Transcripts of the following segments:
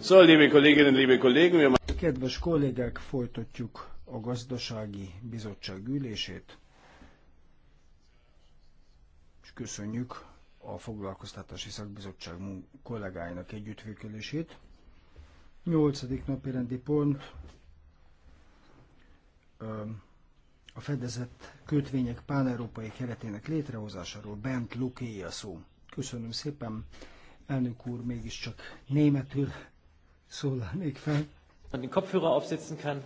So, liebe Kolleginnen, liebe Kollegen, Kedves kollégák, folytatjuk a gazdasági bizottság ülését, és köszönjük a foglalkoztatási szakbizottság kollégáinak együttműködését. Nyolcadik napi rendi pont a fedezett kötvények pán-európai keretének létrehozásáról Bent Lukéja szó. Köszönöm szépen! Elnök úr, mégiscsak németül szólalnék fel. Den Kopfhörer aufsetzen kann.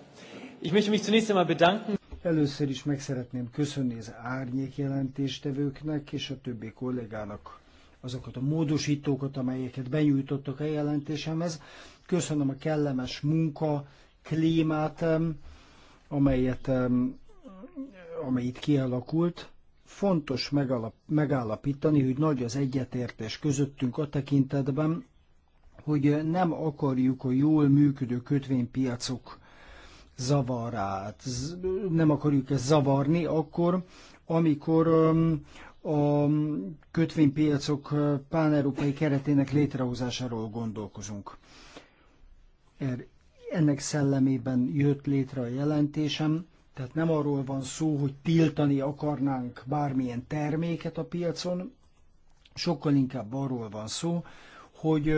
Ich möchte mich zunächst einmal bedanken. Először is meg szeretném köszönni az árnyék jelentéstevőknek és a többi kollégának azokat a módosítókat, amelyeket benyújtottak a jelentésemhez. Köszönöm a kellemes munka klímát, amelyet, amely itt kialakult fontos megalap, megállapítani, hogy nagy az egyetértés közöttünk a tekintetben, hogy nem akarjuk a jól működő kötvénypiacok zavarát, nem akarjuk ezt zavarni akkor, amikor a kötvénypiacok páneurópai keretének létrehozásáról gondolkozunk. Er, ennek szellemében jött létre a jelentésem, tehát nem arról van szó, hogy tiltani akarnánk bármilyen terméket a piacon, sokkal inkább arról van szó, hogy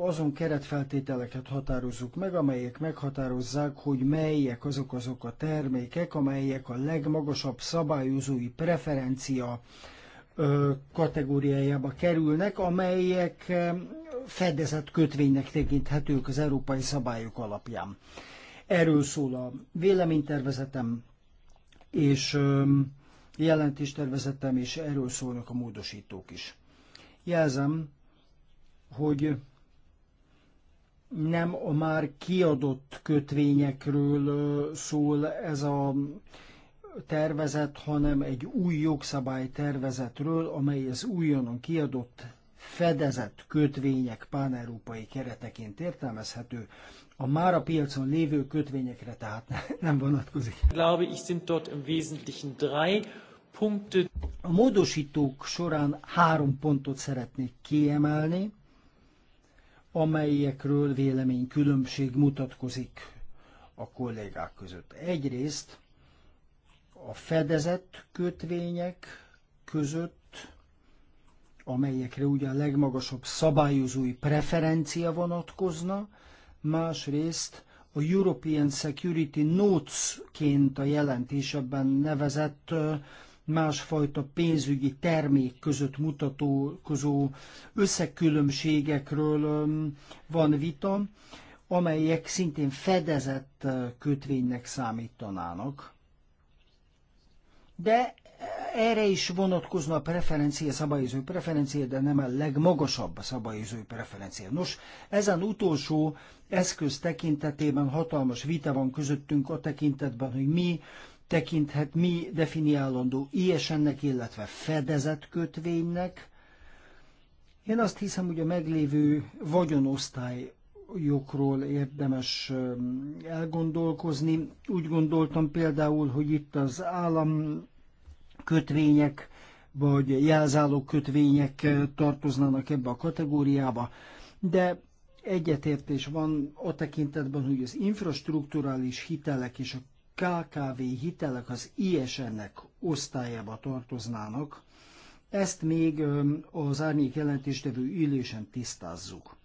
azon keretfeltételeket határozzuk meg, amelyek meghatározzák, hogy melyek azok azok a termékek, amelyek a legmagasabb szabályozói preferencia kategóriájába kerülnek, amelyek fedezett kötvénynek tekinthetők az európai szabályok alapján. Erről szól a véleménytervezetem, és jelentéstervezetem, és erről szólnak a módosítók is. Jelzem, hogy nem a már kiadott kötvényekről szól ez a tervezet, hanem egy új jogszabály tervezetről, amely az újonnan kiadott fedezett kötvények páneurópai kereteként értelmezhető, a már a piacon lévő kötvényekre tehát nem vonatkozik. Glaube ich sind dort im Wesentlichen drei Punkte. A módosítók során három pontot szeretnék kiemelni, amelyekről vélemény különbség mutatkozik a kollégák között. Egyrészt a fedezett kötvények között, amelyekre ugye a legmagasabb szabályozói preferencia vonatkozna, másrészt a European Security Notes-ként a jelentésebben nevezett másfajta pénzügyi termék között mutatkozó összekülönbségekről van vita, amelyek szintén fedezett kötvénynek számítanának. De erre is vonatkozna a preferencia, szabályozói preferencia, de nem a legmagasabb szabályozói preferencia. Nos, ezen utolsó eszköz tekintetében hatalmas vita van közöttünk a tekintetben, hogy mi tekinthet, mi definiálandó ISN-nek, illetve fedezett kötvénynek. Én azt hiszem, hogy a meglévő vagyonosztály jogról érdemes elgondolkozni. Úgy gondoltam például, hogy itt az állam kötvények vagy jelzáló kötvények eh, tartoznának ebbe a kategóriába, de egyetértés van a tekintetben, hogy az infrastruktúrális hitelek és a KKV hitelek az ISN-nek osztályába tartoznának. Ezt még eh, az árnyék jelentéstevő ülésen tisztázzuk.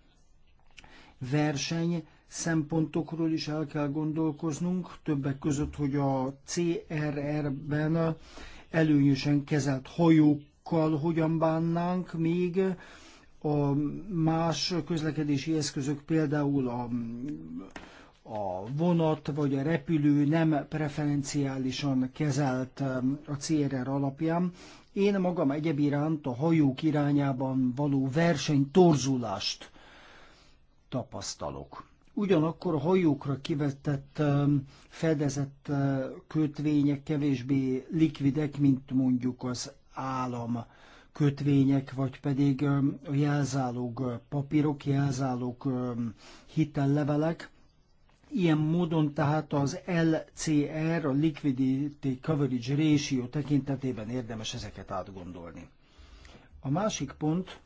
Verseny szempontokról is el kell gondolkoznunk, többek között, hogy a CRR-ben előnyösen kezelt hajókkal hogyan bánnánk még, a más közlekedési eszközök, például a, a vonat vagy a repülő nem preferenciálisan kezelt um, a CRR alapján. Én magam egyéb iránt a hajók irányában való versenytorzulást torzulást tapasztalok. Ugyanakkor a hajókra kivetett fedezett kötvények kevésbé likvidek, mint mondjuk az állam kötvények, vagy pedig a jelzálog papírok, jelzálog hitellevelek. Ilyen módon tehát az LCR, a Liquidity Coverage Ratio tekintetében érdemes ezeket átgondolni. A másik pont,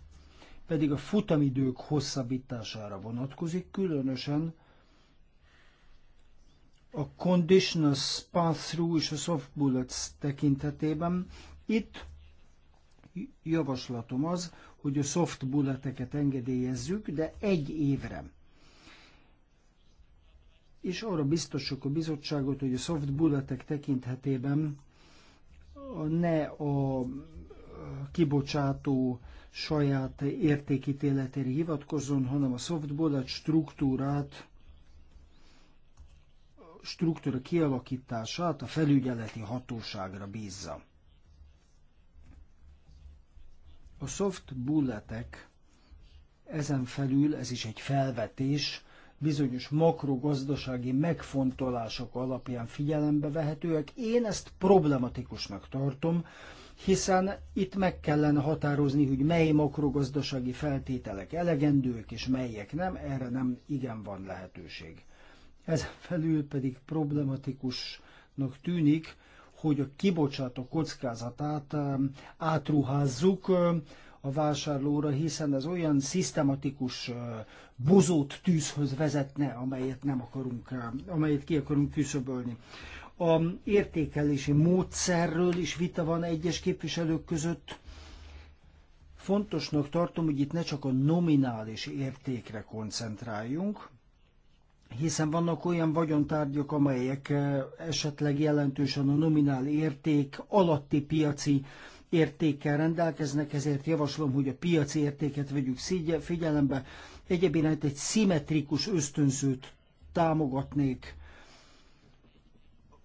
pedig a futamidők hosszabbítására vonatkozik, különösen a conditional pass-through és a soft bullets tekintetében. Itt javaslatom az, hogy a soft bulleteket engedélyezzük, de egy évre. És arra biztosok a bizottságot, hogy a soft bulletek tekintetében ne a kibocsátó saját értékítéletére hivatkozzon, hanem a egy struktúrát, struktúra kialakítását a felügyeleti hatóságra bízza. A soft bulletek ezen felül, ez is egy felvetés, bizonyos makrogazdasági megfontolások alapján figyelembe vehetőek. Én ezt problematikusnak tartom, hiszen itt meg kellene határozni, hogy mely makrogazdasági feltételek elegendőek és melyek nem, erre nem igen van lehetőség. Ez felül pedig problematikusnak tűnik, hogy a kibocsátó kockázatát um, átruházzuk um, a vásárlóra, hiszen ez olyan szisztematikus uh, bozót tűzhöz vezetne, amelyet nem akarunk, um, amelyet ki akarunk küszöbölni. A értékelési módszerről is vita van egyes képviselők között. Fontosnak tartom, hogy itt ne csak a nominális értékre koncentráljunk, hiszen vannak olyan vagyontárgyak, amelyek eh, esetleg jelentősen a nominál érték alatti piaci értékkel rendelkeznek, ezért javaslom, hogy a piaci értéket vegyük figyelembe. Egyébként egy szimmetrikus ösztönzőt támogatnék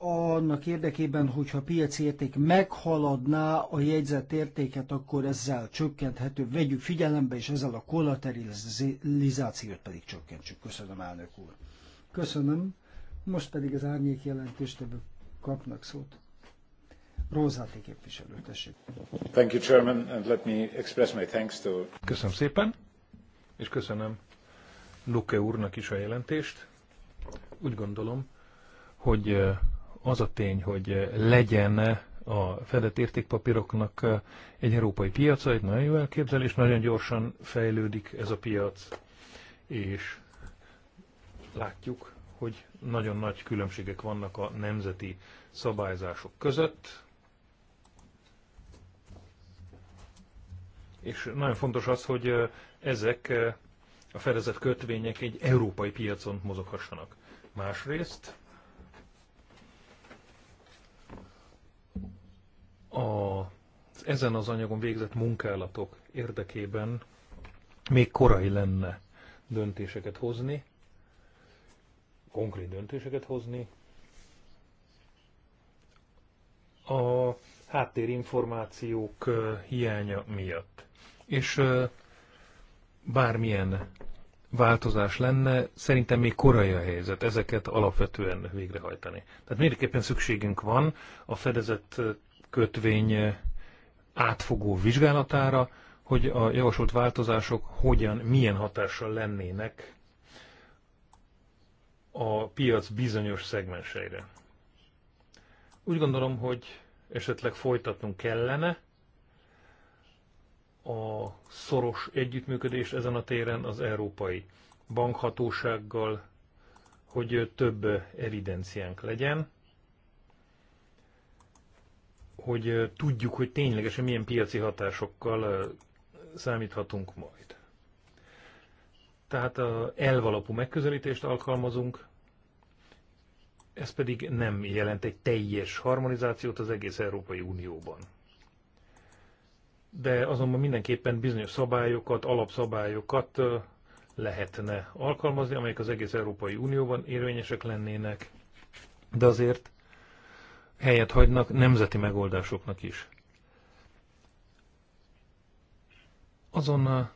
annak érdekében, hogyha a piaci érték meghaladná a jegyzett értéket, akkor ezzel csökkenthető. Vegyük figyelembe, és ezzel a kollaterizációt pedig csökkentsük. Köszönöm, elnök úr. Köszönöm. Most pedig az árnyék jelentést kapnak szót. Rózáti képviselő, tessék. Thank you, Chairman, and let me express my thanks to... Köszönöm szépen, és köszönöm Luke úrnak is a jelentést. Úgy gondolom, hogy az a tény, hogy legyen a fedett értékpapíroknak egy európai piaca, egy nagyon jó elképzelés, nagyon gyorsan fejlődik ez a piac, és látjuk, hogy nagyon nagy különbségek vannak a nemzeti szabályzások között, és nagyon fontos az, hogy ezek a fedezett kötvények egy európai piacon mozoghassanak. Másrészt a, ezen az anyagon végzett munkálatok érdekében még korai lenne döntéseket hozni, konkrét döntéseket hozni. A háttérinformációk hiánya miatt. És bármilyen változás lenne, szerintem még korai a helyzet ezeket alapvetően végrehajtani. Tehát mindenképpen szükségünk van a fedezett kötvény eh, átfogó vizsgálatára, hogy a javasolt változások hogyan, milyen hatással lennének a piac bizonyos szegmenseire. Úgy gondolom, hogy esetleg folytatnunk kellene a szoros együttműködést ezen a téren az Európai Bankhatósággal, hogy több evidenciánk legyen, hogy tudjuk, hogy ténylegesen milyen piaci hatásokkal számíthatunk majd. Tehát a elvalapú megközelítést alkalmazunk, ez pedig nem jelent egy teljes harmonizációt az egész Európai Unióban. De azonban mindenképpen bizonyos szabályokat, alapszabályokat lehetne alkalmazni, amelyek az egész Európai Unióban érvényesek lennének, de azért helyet hagynak nemzeti megoldásoknak is. Azon a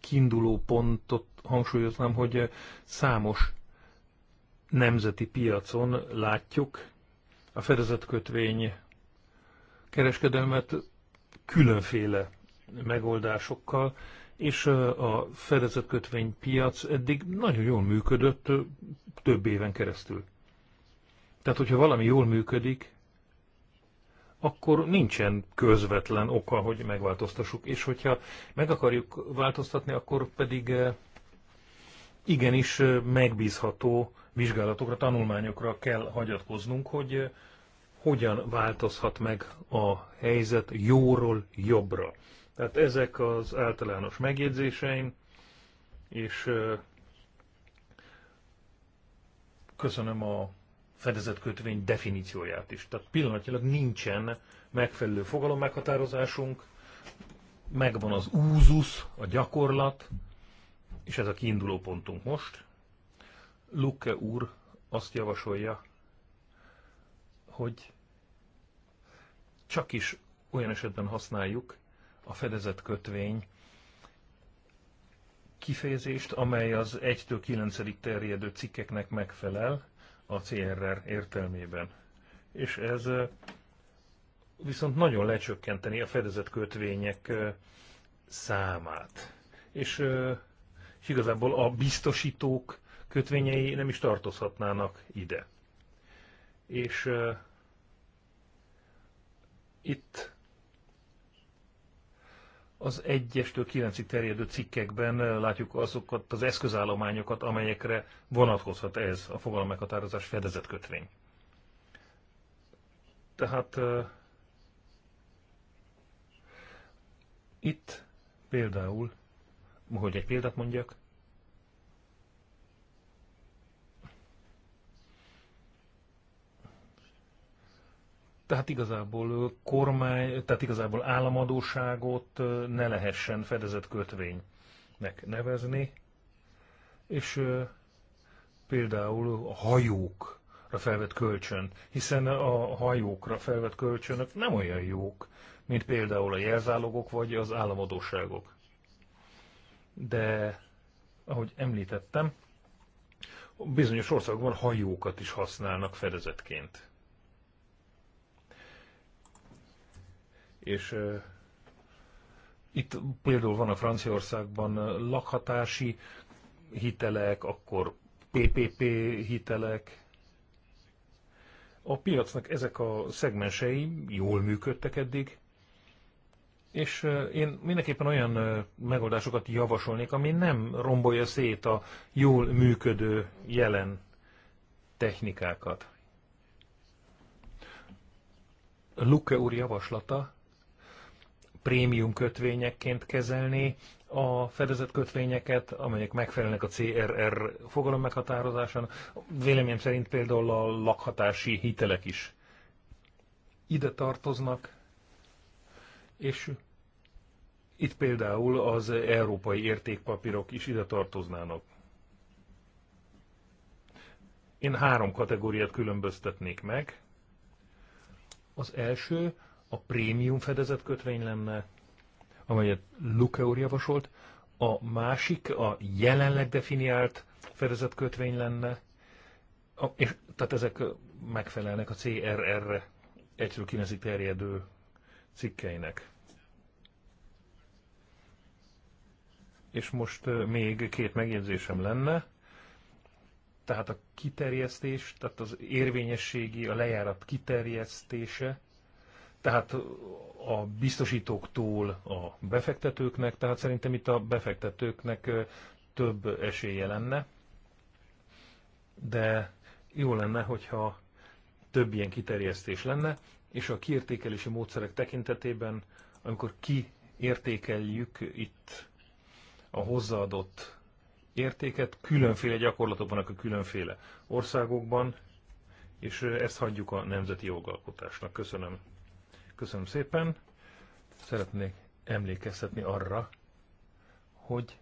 kiinduló pontot hangsúlyoznám, hogy számos nemzeti piacon látjuk a fedezetkötvény kereskedelmet különféle megoldásokkal, és a fedezetkötvény piac eddig nagyon jól működött több éven keresztül. Tehát, hogyha valami jól működik, akkor nincsen közvetlen oka, hogy megváltoztassuk. És hogyha meg akarjuk változtatni, akkor pedig eh, igenis eh, megbízható vizsgálatokra, tanulmányokra kell hagyatkoznunk, hogy eh, hogyan változhat meg a helyzet jóról jobbra. Tehát ezek az általános megjegyzéseim, és köszönöm a fedezett kötvény definícióját is. Tehát pillanatnyilag nincsen megfelelő fogalom meghatározásunk, megvan az úzus, a gyakorlat, és ez a kiinduló pontunk most. Lukke úr azt javasolja, hogy csak is olyan esetben használjuk a fedezett kötvény kifejezést, amely az 1 9 terjedő cikkeknek megfelel, a CRR értelmében. És ez viszont nagyon lecsökkenteni a fedezett kötvények számát. És, és igazából a biztosítók kötvényei nem is tartozhatnának ide. És itt az 1-től 9-ig terjedő cikkekben eh, látjuk azokat az eszközállományokat, amelyekre vonatkozhat ez a fogalmeghatározás kötvény. Tehát uh, itt például, hogy egy példát mondjak, tehát igazából kormány, tehát igazából államadóságot ne lehessen fedezett kötvénynek nevezni, és például a hajókra felvett kölcsön, hiszen a hajókra felvett kölcsönök nem olyan jók, mint például a jelzálogok vagy az államadóságok. De, ahogy említettem, bizonyos országokban hajókat is használnak fedezetként. és itt például van a Franciaországban lakhatási hitelek, akkor PPP hitelek. A piacnak ezek a szegmensei jól működtek eddig, és én mindenképpen olyan megoldásokat javasolnék, ami nem rombolja szét a jól működő jelen technikákat. Luke úr javaslata prémium kötvényekként kezelni a fedezett kötvényeket, amelyek megfelelnek a CRR fogalom meghatározáson. Véleményem szerint például a lakhatási hitelek is ide tartoznak, és itt például az európai értékpapírok is ide tartoznának. Én három kategóriát különböztetnék meg. Az első a prémium fedezett kötvény lenne, amelyet Luke úr javasolt, a másik a jelenleg definiált fedezett kötvény lenne, a, és, tehát ezek megfelelnek a CRR-re egyről kinezi terjedő cikkeinek. És most még két megjegyzésem lenne, tehát a kiterjesztés, tehát az érvényességi, a lejárat kiterjesztése, tehát a biztosítóktól a befektetőknek, tehát szerintem itt a befektetőknek több esélye lenne, de jó lenne, hogyha több ilyen kiterjesztés lenne, és a kiértékelési módszerek tekintetében, amikor kiértékeljük itt a hozzáadott értéket, különféle gyakorlatok vannak a különféle országokban, és ezt hagyjuk a nemzeti jogalkotásnak. Köszönöm. Köszönöm szépen. Szeretnék emlékeztetni arra, hogy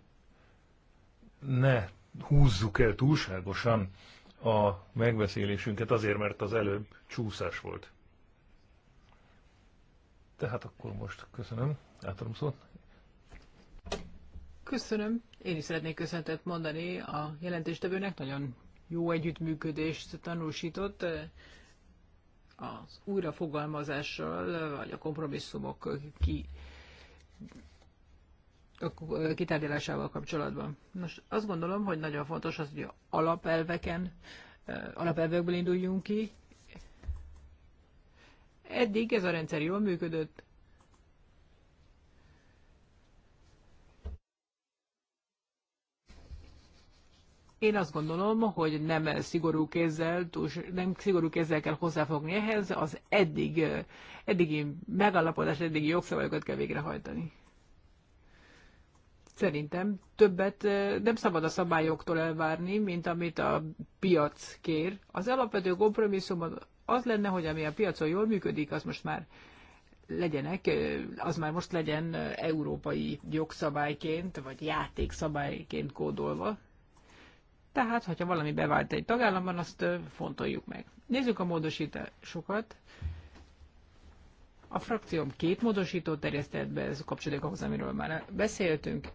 ne húzzuk el túlságosan a megbeszélésünket azért, mert az előbb csúszás volt. Tehát akkor most köszönöm. Átadom szót. Köszönöm. Én is szeretnék köszöntet mondani a jelentéstevőnek. Nagyon jó együttműködést tanúsított az újrafogalmazással, vagy a kompromisszumok ki, a kitárgyalásával kapcsolatban. Most azt gondolom, hogy nagyon fontos az, hogy alapelveken, eh, alapelvekből induljunk ki. Eddig ez a rendszer jól működött, Én azt gondolom, hogy nem szigorú kézzel, nem szigorú kézzel kell hozzáfogni ehhez, az eddig, eddigi megállapodás, eddigi jogszabályokat kell végrehajtani. Szerintem többet nem szabad a szabályoktól elvárni, mint amit a piac kér. Az alapvető kompromisszum az lenne, hogy ami a piacon jól működik, az most már legyenek, az már most legyen európai jogszabályként, vagy játékszabályként kódolva. Tehát, hogyha valami bevált egy tagállamban, azt fontoljuk meg. Nézzük a módosításokat. A frakcióm két módosító terjesztett be, ez kapcsolódik ahhoz, amiről már beszéltünk.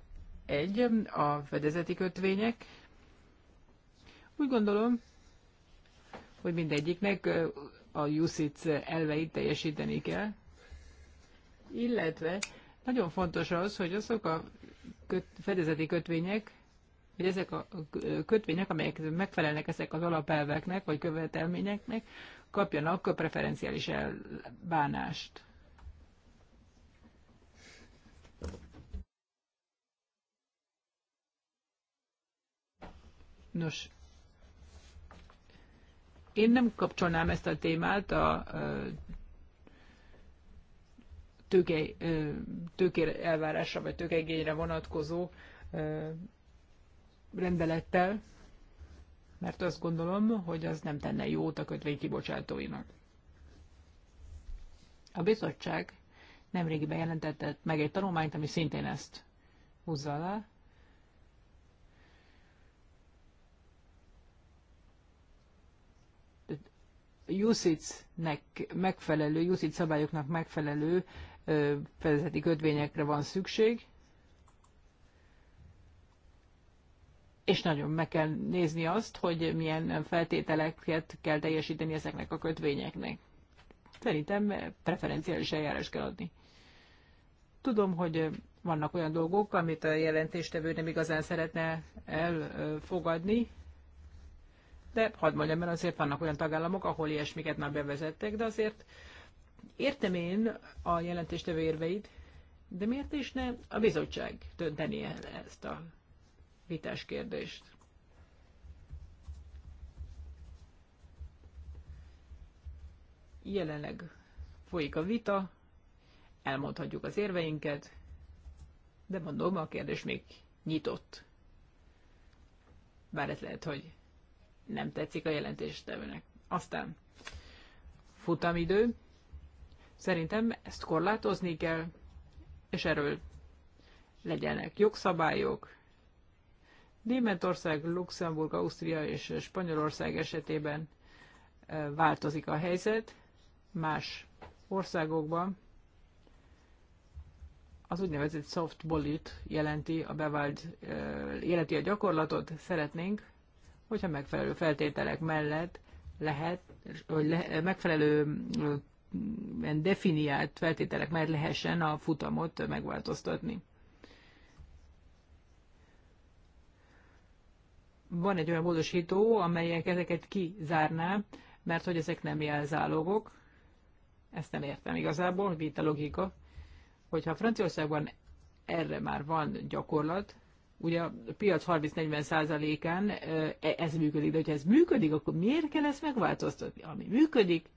Egy, a fedezeti kötvények. Úgy gondolom, hogy mindegyiknek a USIC elveit teljesíteni kell. Illetve nagyon fontos az, hogy azok a köt, fedezeti kötvények, hogy ezek a kötvények, amelyek megfelelnek ezek az alapelveknek, vagy követelményeknek, kapjanak preferenciális elbánást. Nos, én nem kapcsolnám ezt a témát a tőke, tőke elvárásra vagy tőkeigényre vonatkozó rendelettel, mert azt gondolom, hogy az nem tenne jót a kibocsátóinak. A bizottság nemrégiben jelentette meg egy tanulmányt, ami szintén ezt húzza alá. UCITS-nek megfelelő, UCITS szabályoknak megfelelő fedezeti kötvényekre van szükség, és nagyon meg kell nézni azt, hogy milyen feltételeket kell teljesíteni ezeknek a kötvényeknek. Szerintem preferenciális eljárás kell adni. Tudom, hogy vannak olyan dolgok, amit a jelentéstevő nem igazán szeretne elfogadni, de hadd mondjam, mert azért vannak olyan tagállamok, ahol ilyesmiket már bevezettek, de azért értem én a jelentéstevő érveit, de miért is ne a bizottság dönteni ezt a vitás kérdést. Jelenleg folyik a vita, elmondhatjuk az érveinket, de mondom, a kérdés még nyitott. Bár ez lehet, hogy nem tetszik a jelentéstevőnek. Aztán futamidő. Szerintem ezt korlátozni kell, és erről legyenek jogszabályok, Németország, Luxemburg, Ausztria és Spanyolország esetében változik a helyzet, más országokban az úgynevezett soft bullet jelenti a bevált, jelenti a gyakorlatot, szeretnénk, hogyha megfelelő feltételek mellett lehet, hogy le, megfelelő definiált feltételek mellett lehessen a futamot megváltoztatni. van egy olyan módosító, amelyek ezeket kizárná, mert hogy ezek nem jelzálogok. Ezt nem értem igazából, a logika. Hogyha Franciaországban erre már van gyakorlat, ugye a piac 30-40%-án e, e, ez működik, de hogyha ez működik, akkor miért kell ezt megváltoztatni? Ami működik,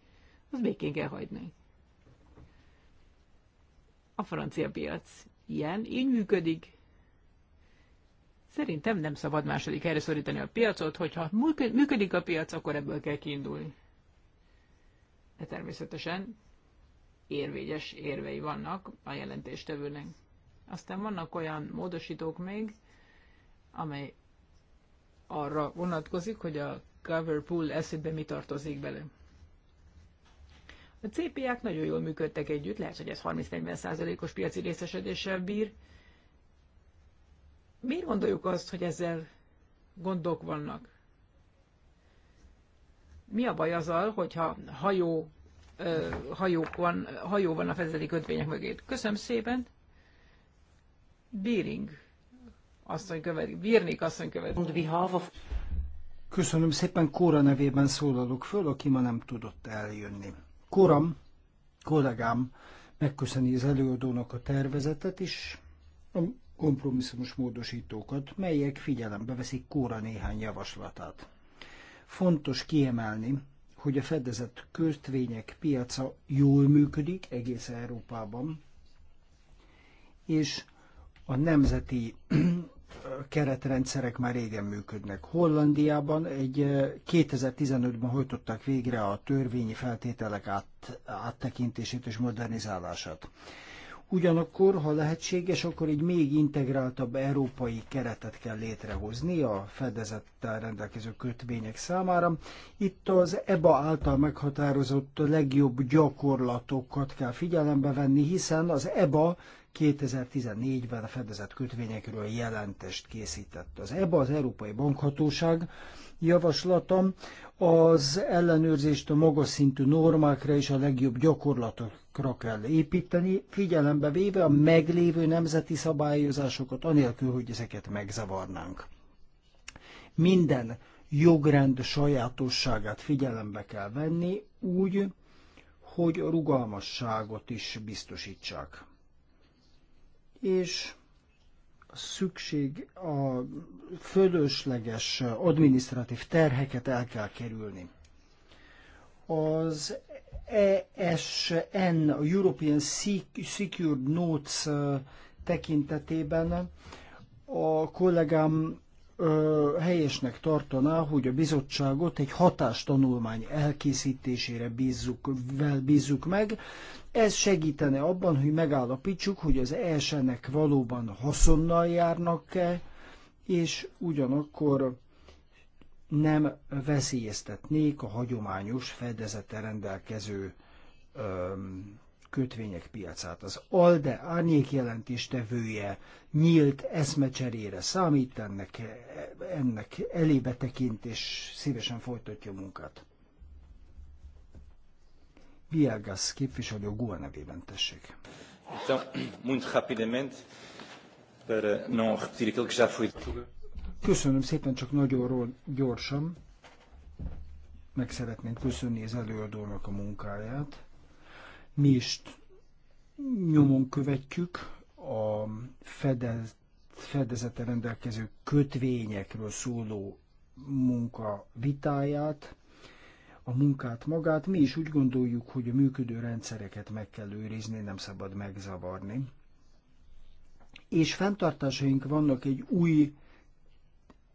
az békén kell hagyni. A francia piac ilyen, így működik, Szerintem nem szabad második helyre szorítani a piacot, hogyha működik a piac, akkor ebből kell kiindulni. De természetesen érvényes érvei vannak a jelentéstevőnek. Aztán vannak olyan módosítók még, amely arra vonatkozik, hogy a cover pool eszébe mi tartozik bele. A CPA-k nagyon jól működtek együtt, lehet, hogy ez 30-40 százalékos piaci részesedéssel bír, Miért gondoljuk azt, hogy ezzel gondok vannak? Mi a baj azzal, hogyha hajó, hajók van, hajó van a kötvények mögé? Köszönöm szépen! Bíring asszony követi, Bírnik asszony követi. Köszönöm szépen, Kóra nevében szólalok föl, aki ma nem tudott eljönni. Kóram, kollégám, megköszöni az előadónak a tervezetet is, kompromisszumos módosítókat, melyek figyelembe veszik Kóra néhány javaslatát. Fontos kiemelni, hogy a fedezett kötvények piaca jól működik egész Európában, és a nemzeti keretrendszerek már régen működnek. Hollandiában egy 2015-ben eh, hajtották végre a törvényi feltételek át, áttekintését és modernizálását. Ugyanakkor, ha lehetséges, akkor egy még integráltabb európai keretet kell létrehozni a fedezettel rendelkező kötvények számára. Itt az EBA által meghatározott legjobb gyakorlatokat kell figyelembe venni, hiszen az EBA 2014-ben a fedezett kötvényekről jelentést készített. Az EBA, az Európai Bankhatóság javaslata az ellenőrzést a magas szintű normákra és a legjobb gyakorlatokra kell építeni, figyelembe véve a meglévő nemzeti szabályozásokat, anélkül, hogy ezeket megzavarnánk. Minden jogrend sajátosságát figyelembe kell venni úgy, hogy a rugalmasságot is biztosítsák. És szükség, a fölösleges adminisztratív terheket el kell kerülni. Az ESN, a European Secured Notes tekintetében a kollégám ö, helyesnek tartaná, hogy a bizottságot egy hatástanulmány elkészítésére bízzuk, vel bízzuk meg. Ez segítene abban, hogy megállapítsuk, hogy az ESN-ek valóban haszonnal járnak-e, és ugyanakkor nem veszélyeztetnék a hagyományos fedezete rendelkező kötvények piacát. Az ALDE árnyék jelentéstevője nyílt eszmecserére számít, ennek, ennek elébe tekint, és szívesen folytatja a munkát. Viagas képviselő Gua nevében tessék. Köszönöm szépen, csak nagyon gyorsan. Meg szeretném köszönni az előadónak a munkáját. Mi is nyomon követjük a fedez, fedezete rendelkező kötvényekről szóló munka vitáját, a munkát magát. Mi is úgy gondoljuk, hogy a működő rendszereket meg kell őrizni, nem szabad megzavarni. És fenntartásaink vannak egy új,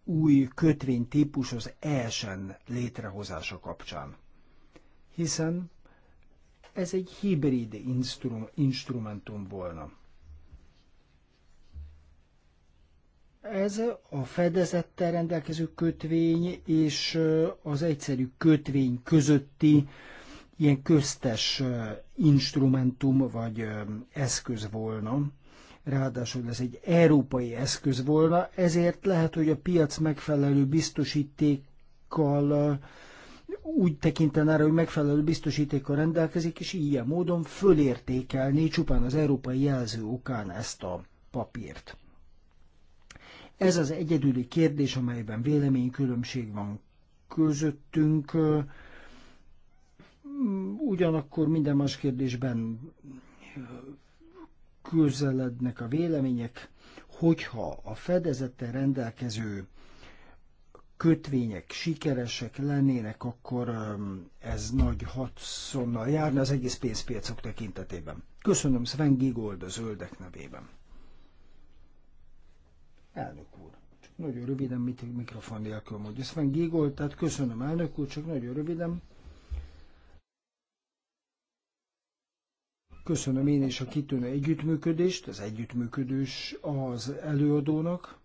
új kötvénytípus az ESN létrehozása kapcsán. Hiszen ez egy hibrid instrum, instrumentum volna. Ez a fedezettel rendelkező kötvény és az egyszerű kötvény közötti ilyen köztes instrumentum vagy eszköz volna. Ráadásul ez egy európai eszköz volna, ezért lehet, hogy a piac megfelelő biztosítékkal úgy tekinten arra, hogy megfelelő biztosítékkal rendelkezik, és ilyen módon fölértékelni csupán az európai jelző okán ezt a papírt. Ez az egyedüli kérdés, amelyben véleménykülönbség van közöttünk, ugyanakkor minden más kérdésben közelednek a vélemények, hogyha a fedezette rendelkező kötvények sikeresek lennének, akkor ez nagy hatszonnal járna az egész pénzpiacok tekintetében. Köszönöm Sven Gigold a zöldek nevében. Elnök úr, csak nagyon röviden, mit mikrofon nélkül mondja. Sven Gigold, tehát köszönöm elnök úr, csak nagyon röviden. Köszönöm én is a kitűnő együttműködést, az együttműködős az előadónak.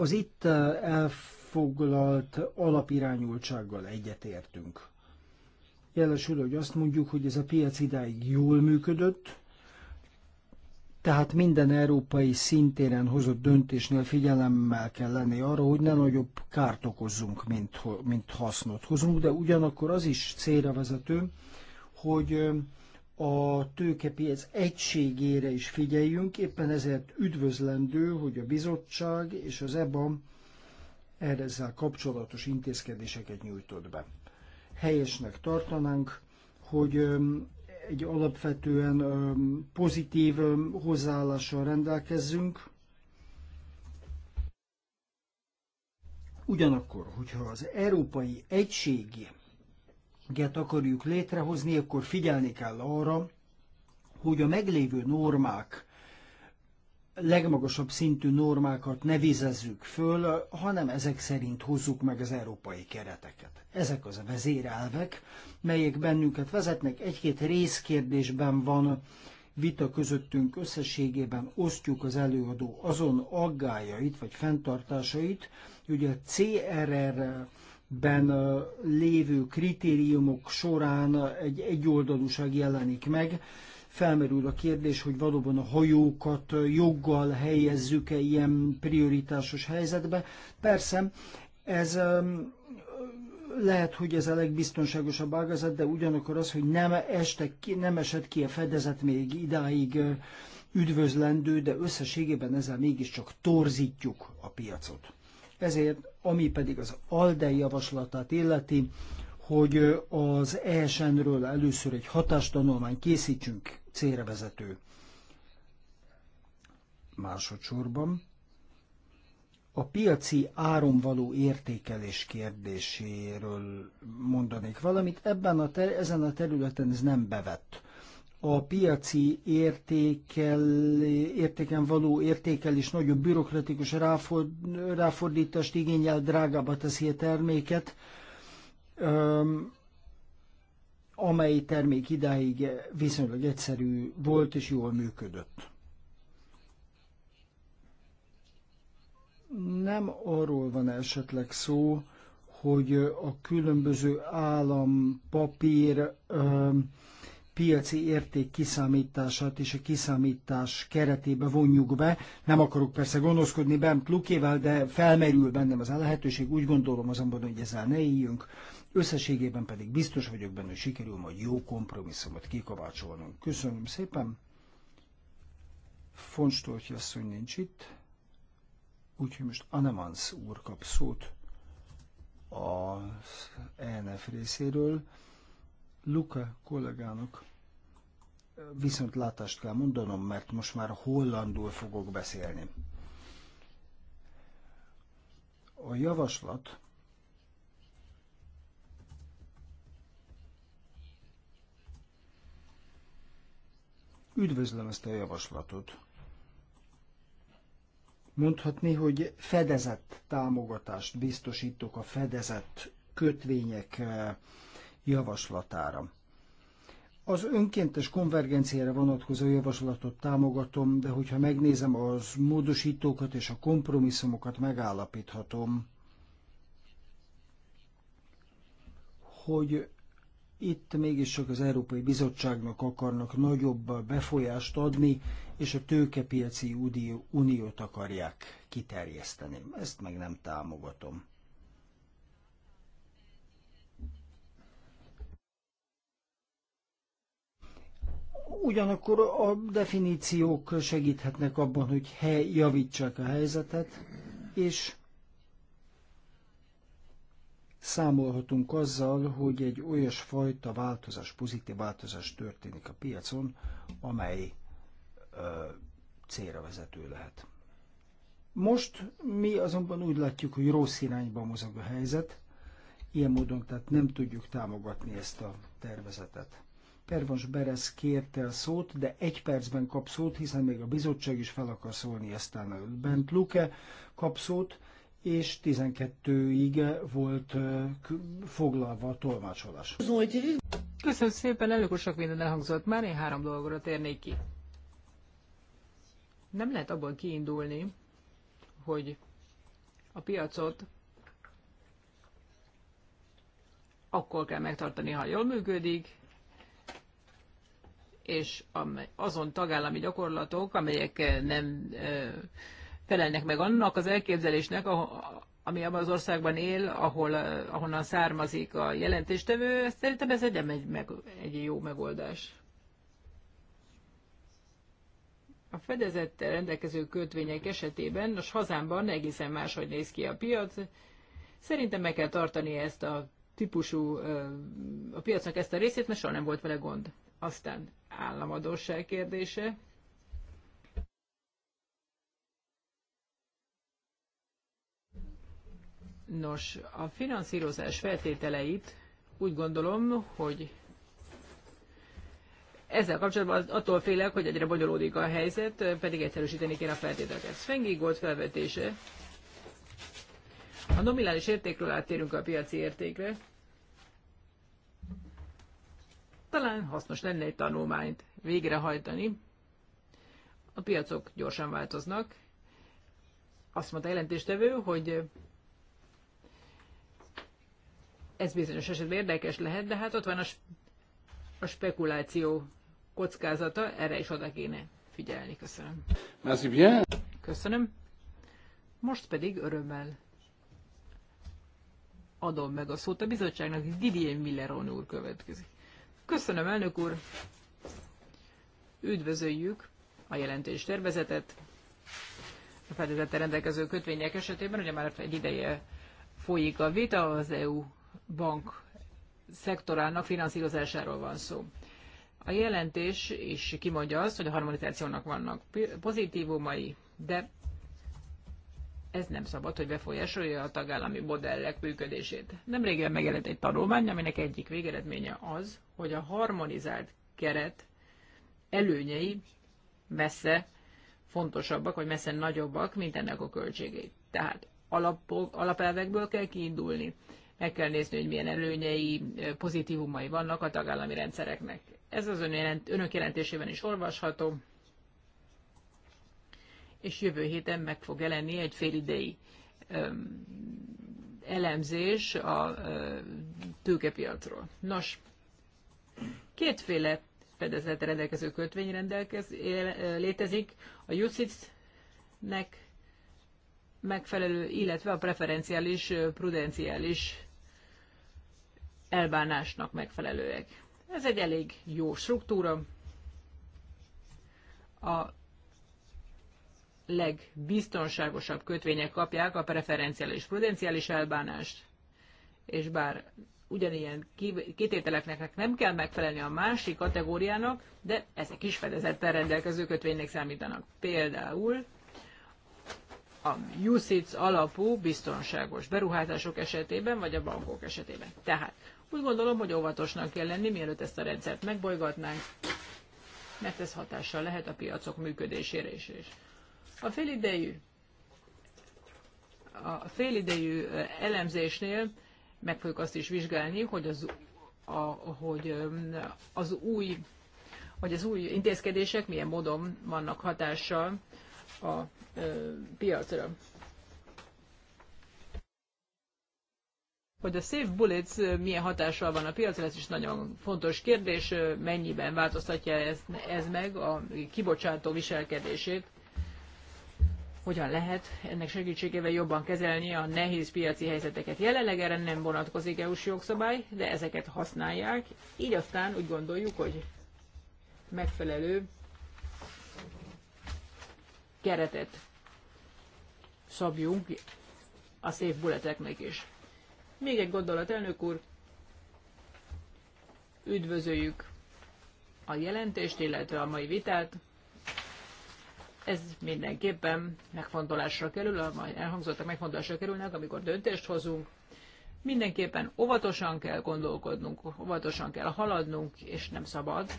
Az itt eh, elfoglalt alapirányultsággal egyetértünk. Jelesül, hogy azt mondjuk, hogy ez a piac idáig jól működött, tehát minden európai szintéren hozott döntésnél figyelemmel kell lenni arra, hogy ne nagyobb kárt okozzunk, mint, mint hasznot hozunk, de ugyanakkor az is célra vezető, hogy eh, a tőkepiac egységére is figyeljünk, éppen ezért üdvözlendő, hogy a bizottság és az EBA ezzel kapcsolatos intézkedéseket nyújtott be. Helyesnek tartanánk, hogy egy alapvetően pozitív hozzáállással rendelkezzünk, Ugyanakkor, hogyha az európai egységi akarjuk létrehozni, akkor figyelni kell arra, hogy a meglévő normák, legmagasabb szintű normákat ne vizezzük föl, hanem ezek szerint hozzuk meg az európai kereteket. Ezek az a vezérelvek, melyek bennünket vezetnek. Egy-két részkérdésben van vita közöttünk összességében osztjuk az előadó azon aggájait vagy fenntartásait, hogy a CRR ben lévő kritériumok során egy egyoldalúság jelenik meg. Felmerül a kérdés, hogy valóban a hajókat joggal helyezzük-e ilyen prioritásos helyzetbe. Persze, ez lehet, hogy ez a legbiztonságosabb ágazat, de ugyanakkor az, hogy nem, este, nem esett ki a fedezet még idáig üdvözlendő, de összességében ezzel mégiscsak torzítjuk a piacot. Ezért, ami pedig az ALDE javaslatát illeti, hogy az ESN-ről először egy hatástanulmány készítsünk célra vezető. Másodszorban a piaci áron való értékelés kérdéséről mondanék valamit. Ebben a ter- ezen a területen ez nem bevett a piaci értékel, értéken való értékelés nagyobb bürokratikus ráfordítást igényel, drágába teszi a terméket, amely termék idáig viszonylag egyszerű volt és jól működött. Nem arról van esetleg szó, hogy a különböző állampapír piaci érték kiszámítását és a kiszámítás keretébe vonjuk be. Nem akarok persze gonoszkodni Bent Lukével, de felmerül bennem az a lehetőség. Úgy gondolom azonban, hogy ezzel ne éljünk. Összességében pedig biztos vagyok benne, hogy sikerül majd jó kompromisszumot kikovácsolnunk. Köszönöm szépen. Fonstorti asszony nincs itt, úgyhogy most Anemans úr kap szót az ENF részéről. Luca kollégának viszont látást kell mondanom, mert most már hollandul fogok beszélni. A javaslat Üdvözlöm ezt a javaslatot. Mondhatni, hogy fedezett támogatást biztosítok a fedezett kötvények eh, javaslatára. Az önkéntes konvergenciára vonatkozó javaslatot támogatom, de hogyha megnézem az módosítókat és a kompromisszumokat, megállapíthatom, hogy itt mégiscsak az Európai Bizottságnak akarnak nagyobb befolyást adni, és a tőkepiaci uniót akarják kiterjeszteni. Ezt meg nem támogatom. Ugyanakkor a definíciók segíthetnek abban, hogy hely, javítsák a helyzetet, és számolhatunk azzal, hogy egy olyasfajta változás, pozitív változás történik a piacon, amely ö, célra vezető lehet. Most mi azonban úgy látjuk, hogy rossz irányba mozog a helyzet, ilyen módon tehát nem tudjuk támogatni ezt a tervezetet. Pervans Berez kérte a szót, de egy percben kap szót, hiszen még a bizottság is fel akar szólni, aztán a Bent Luke kap szót, és 12-ig volt foglalva a tolmácsolás. Köszönöm szépen, elég sok minden elhangzott már, én három dolgokra térnék ki. Nem lehet abban kiindulni, hogy a piacot akkor kell megtartani, ha jól működik, és azon tagállami gyakorlatok, amelyek eh, nem eh, felelnek meg annak az elképzelésnek, ami abban az országban él, ahol, eh, ahonnan származik a jelentéstevő, szerintem ez egy, egy, meg, egy jó megoldás. A fedezettel rendelkező kötvények esetében, most hazámban egészen máshogy néz ki a piac, szerintem meg kell tartani ezt a típusú, a piacnak ezt a részét, mert soha nem volt vele gond. Aztán államadóság kérdése. Nos, a finanszírozás feltételeit úgy gondolom, hogy ezzel kapcsolatban attól félek, hogy egyre bonyolódik a helyzet, pedig egyszerűsíteni kéne a feltételeket. Gold felvetése. A nominális értékről áttérünk a piaci értékre. Talán hasznos lenne egy tanulmányt végrehajtani. A piacok gyorsan változnak. Azt mondta jelentéstevő, hogy ez bizonyos esetben érdekes lehet, de hát ott van a, a spekuláció kockázata, erre is oda kéne figyelni. Köszönöm. Merci bien. Köszönöm. Most pedig örömmel adom meg a szót a bizottságnak, Didier Milleron úr következik. Köszönöm, elnök úr! Üdvözöljük a jelentés tervezetet. A fedezete rendelkező kötvények esetében ugye már egy ideje folyik a vita, az EU bank szektorának finanszírozásáról van szó. A jelentés is kimondja azt, hogy a harmonizációnak vannak pozitívumai, de ez nem szabad, hogy befolyásolja a tagállami modellek működését. Nemrégen megjelent egy tanulmány, aminek egyik végeredménye az, hogy a harmonizált keret előnyei messze fontosabbak, vagy messze nagyobbak, mint ennek a költségei. Tehát alapok, alapelvekből kell kiindulni. Meg kell nézni, hogy milyen előnyei, pozitívumai vannak a tagállami rendszereknek. Ez az önök jelentésében is olvasható és jövő héten meg fog jelenni egy félidei elemzés a tőkepiacról. Nos, kétféle fedezetre rendelkező kötvény rendelkez, létezik. A UCITS-nek megfelelő, illetve a preferenciális, prudenciális elbánásnak megfelelőek. Ez egy elég jó struktúra. A legbiztonságosabb kötvények kapják a preferenciális prudenciális elbánást, és bár ugyanilyen kitételeknek nem kell megfelelni a másik kategóriának, de ezek is fedezettel rendelkező kötvénynek számítanak. Például a USITS alapú biztonságos beruházások esetében, vagy a bankok esetében. Tehát úgy gondolom, hogy óvatosnak kell lenni, mielőtt ezt a rendszert megbolygatnánk, mert ez hatással lehet a piacok működésére is. A félidejű a félidejű elemzésnél meg fogjuk azt is vizsgálni, hogy az, a, hogy az új hogy az új intézkedések milyen módon vannak hatással a ö, piacra. Hogy a Safe Bullets milyen hatással van a piacra, ez is nagyon fontos kérdés, mennyiben változtatja ez, ez meg a kibocsátó viselkedését hogyan lehet ennek segítségével jobban kezelni a nehéz piaci helyzeteket. Jelenleg erre nem vonatkozik EU-s jogszabály, de ezeket használják, így aztán úgy gondoljuk, hogy megfelelő keretet szabjunk a szép buleteknek is. Még egy gondolat, elnök úr, üdvözöljük a jelentést, illetve a mai vitát ez mindenképpen megfontolásra kerül, majd elhangzottak megfontolásra kerülnek, amikor döntést hozunk. Mindenképpen óvatosan kell gondolkodnunk, óvatosan kell haladnunk, és nem szabad,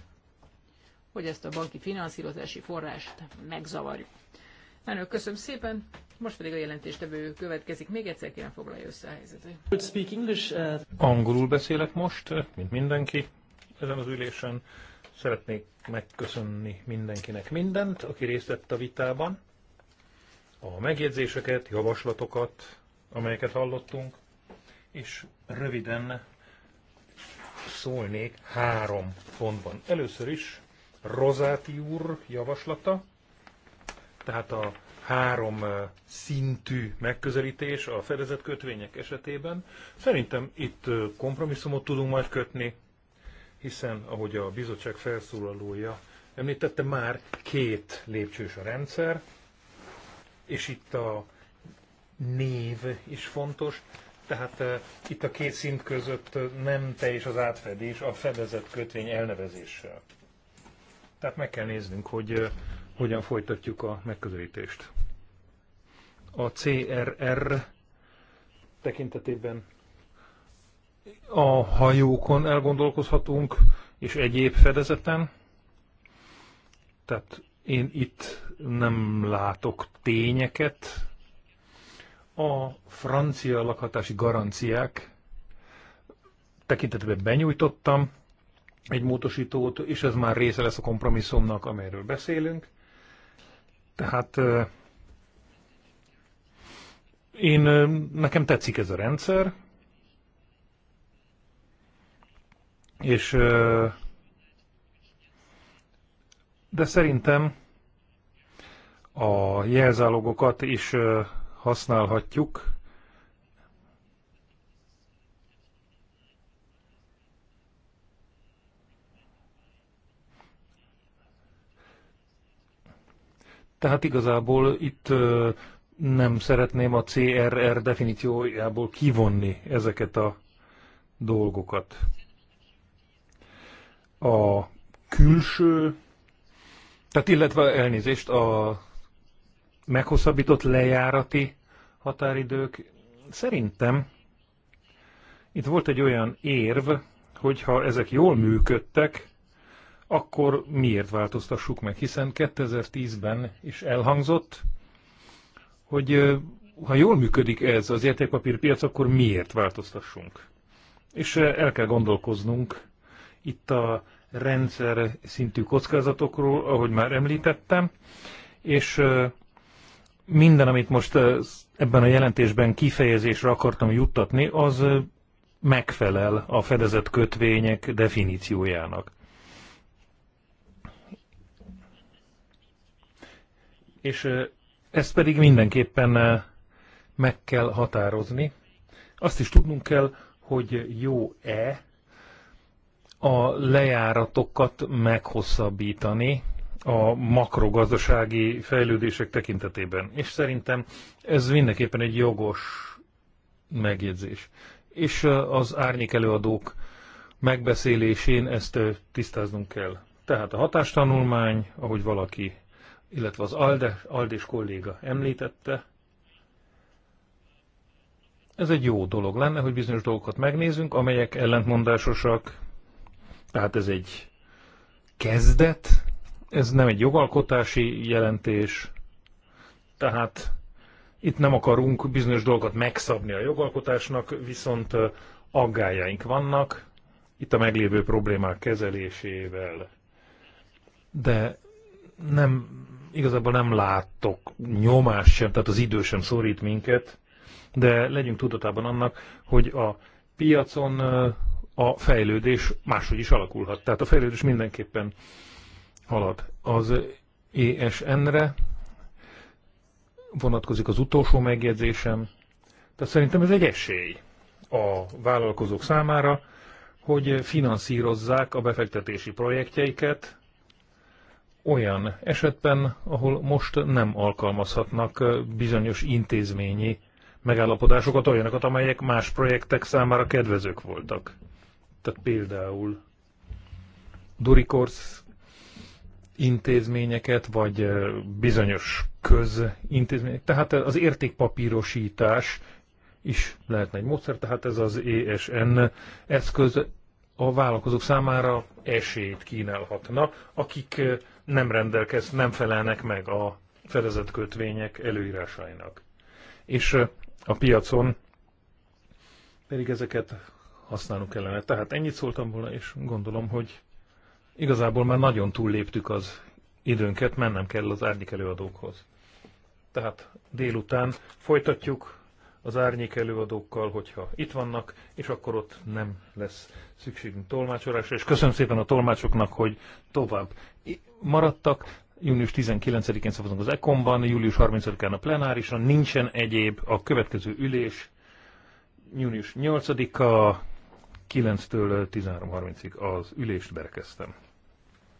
hogy ezt a banki finanszírozási forrást megzavarjuk. Önök, köszönöm szépen. Most pedig a jelentéstevő következik. Még egyszer kérem foglalja össze a helyzetet. Uh, Angolul beszélek most, mint mindenki ezen az ülésen. Szeretnék megköszönni mindenkinek mindent, aki részt vett a vitában, a megjegyzéseket, javaslatokat, amelyeket hallottunk, és röviden szólnék három pontban. Először is Rozáti úr javaslata, tehát a három szintű megközelítés a fedezett kötvények esetében. Szerintem itt kompromisszumot tudunk majd kötni, hiszen ahogy a bizottság felszólalója említette, már két lépcsős a rendszer, és itt a név is fontos, tehát uh, itt a két szint között eh, nem teljes az átfedés a fedezett kötvény elnevezéssel. Tehát meg kell néznünk, hogy uh, hogyan folytatjuk a megközelítést. A CRR tekintetében a hajókon elgondolkozhatunk, és egyéb fedezeten. Tehát én itt nem látok tényeket. A francia lakhatási garanciák tekintetben benyújtottam egy módosítót, és ez már része lesz a kompromisszumnak, amelyről beszélünk. Tehát én, nekem tetszik ez a rendszer, És de szerintem a jelzálogokat is használhatjuk. Tehát igazából itt nem szeretném a CRR definíciójából kivonni ezeket a dolgokat a külső, tehát illetve elnézést, a meghosszabbított lejárati határidők. Szerintem itt volt egy olyan érv, hogy ha ezek jól működtek, akkor miért változtassuk meg? Hiszen 2010-ben is elhangzott, hogy ha jól működik ez az értékpapírpiac, akkor miért változtassunk? És el kell gondolkoznunk itt a rendszer szintű kockázatokról, ahogy már említettem, és minden, amit most ebben a jelentésben kifejezésre akartam juttatni, az megfelel a fedezett kötvények definíciójának. És ezt pedig mindenképpen meg kell határozni. Azt is tudnunk kell, hogy jó-e a lejáratokat meghosszabbítani a makrogazdasági fejlődések tekintetében. És szerintem ez mindenképpen egy jogos megjegyzés. És az árnyék előadók megbeszélésén ezt tisztáznunk kell. Tehát a hatástanulmány, ahogy valaki, illetve az Alde, Aldés kolléga említette, ez egy jó dolog lenne, hogy bizonyos dolgokat megnézzünk, amelyek ellentmondásosak, tehát ez egy kezdet, ez nem egy jogalkotási jelentés, tehát itt nem akarunk bizonyos dolgokat megszabni a jogalkotásnak, viszont aggájaink vannak itt a meglévő problémák kezelésével. De nem, igazából nem látok nyomás sem, tehát az idő sem szorít minket, de legyünk tudatában annak, hogy a piacon a fejlődés máshogy is alakulhat. Tehát a fejlődés mindenképpen halad. Az ESN-re vonatkozik az utolsó megjegyzésem. Tehát szerintem ez egy esély a vállalkozók számára, hogy finanszírozzák a befektetési projektjeiket olyan esetben, ahol most nem alkalmazhatnak bizonyos intézményi megállapodásokat, olyanokat, amelyek más projektek számára kedvezők voltak. Tehát például Durikorsz intézményeket, vagy bizonyos közintézmények. Tehát az értékpapírosítás is lehetne egy módszer, tehát ez az ESN eszköz a vállalkozók számára esélyt kínálhatna, akik nem rendelkez, nem felelnek meg a fedezett kötvények előírásainak. És a piacon pedig ezeket használnunk kellene. Tehát ennyit szóltam volna, és gondolom, hogy igazából már nagyon túlléptük az időnket, mennem kell az árnyék előadókhoz. Tehát délután folytatjuk az árnyék előadókkal, hogyha itt vannak, és akkor ott nem lesz szükségünk tolmácsolásra, és köszönöm szépen a tolmácsoknak, hogy tovább maradtak. Június 19-én szavazunk az ECOM-ban, július 30-án a plenárison, nincsen egyéb a következő ülés, június 8-a, 9-től 13.30-ig az ülést berekeztem.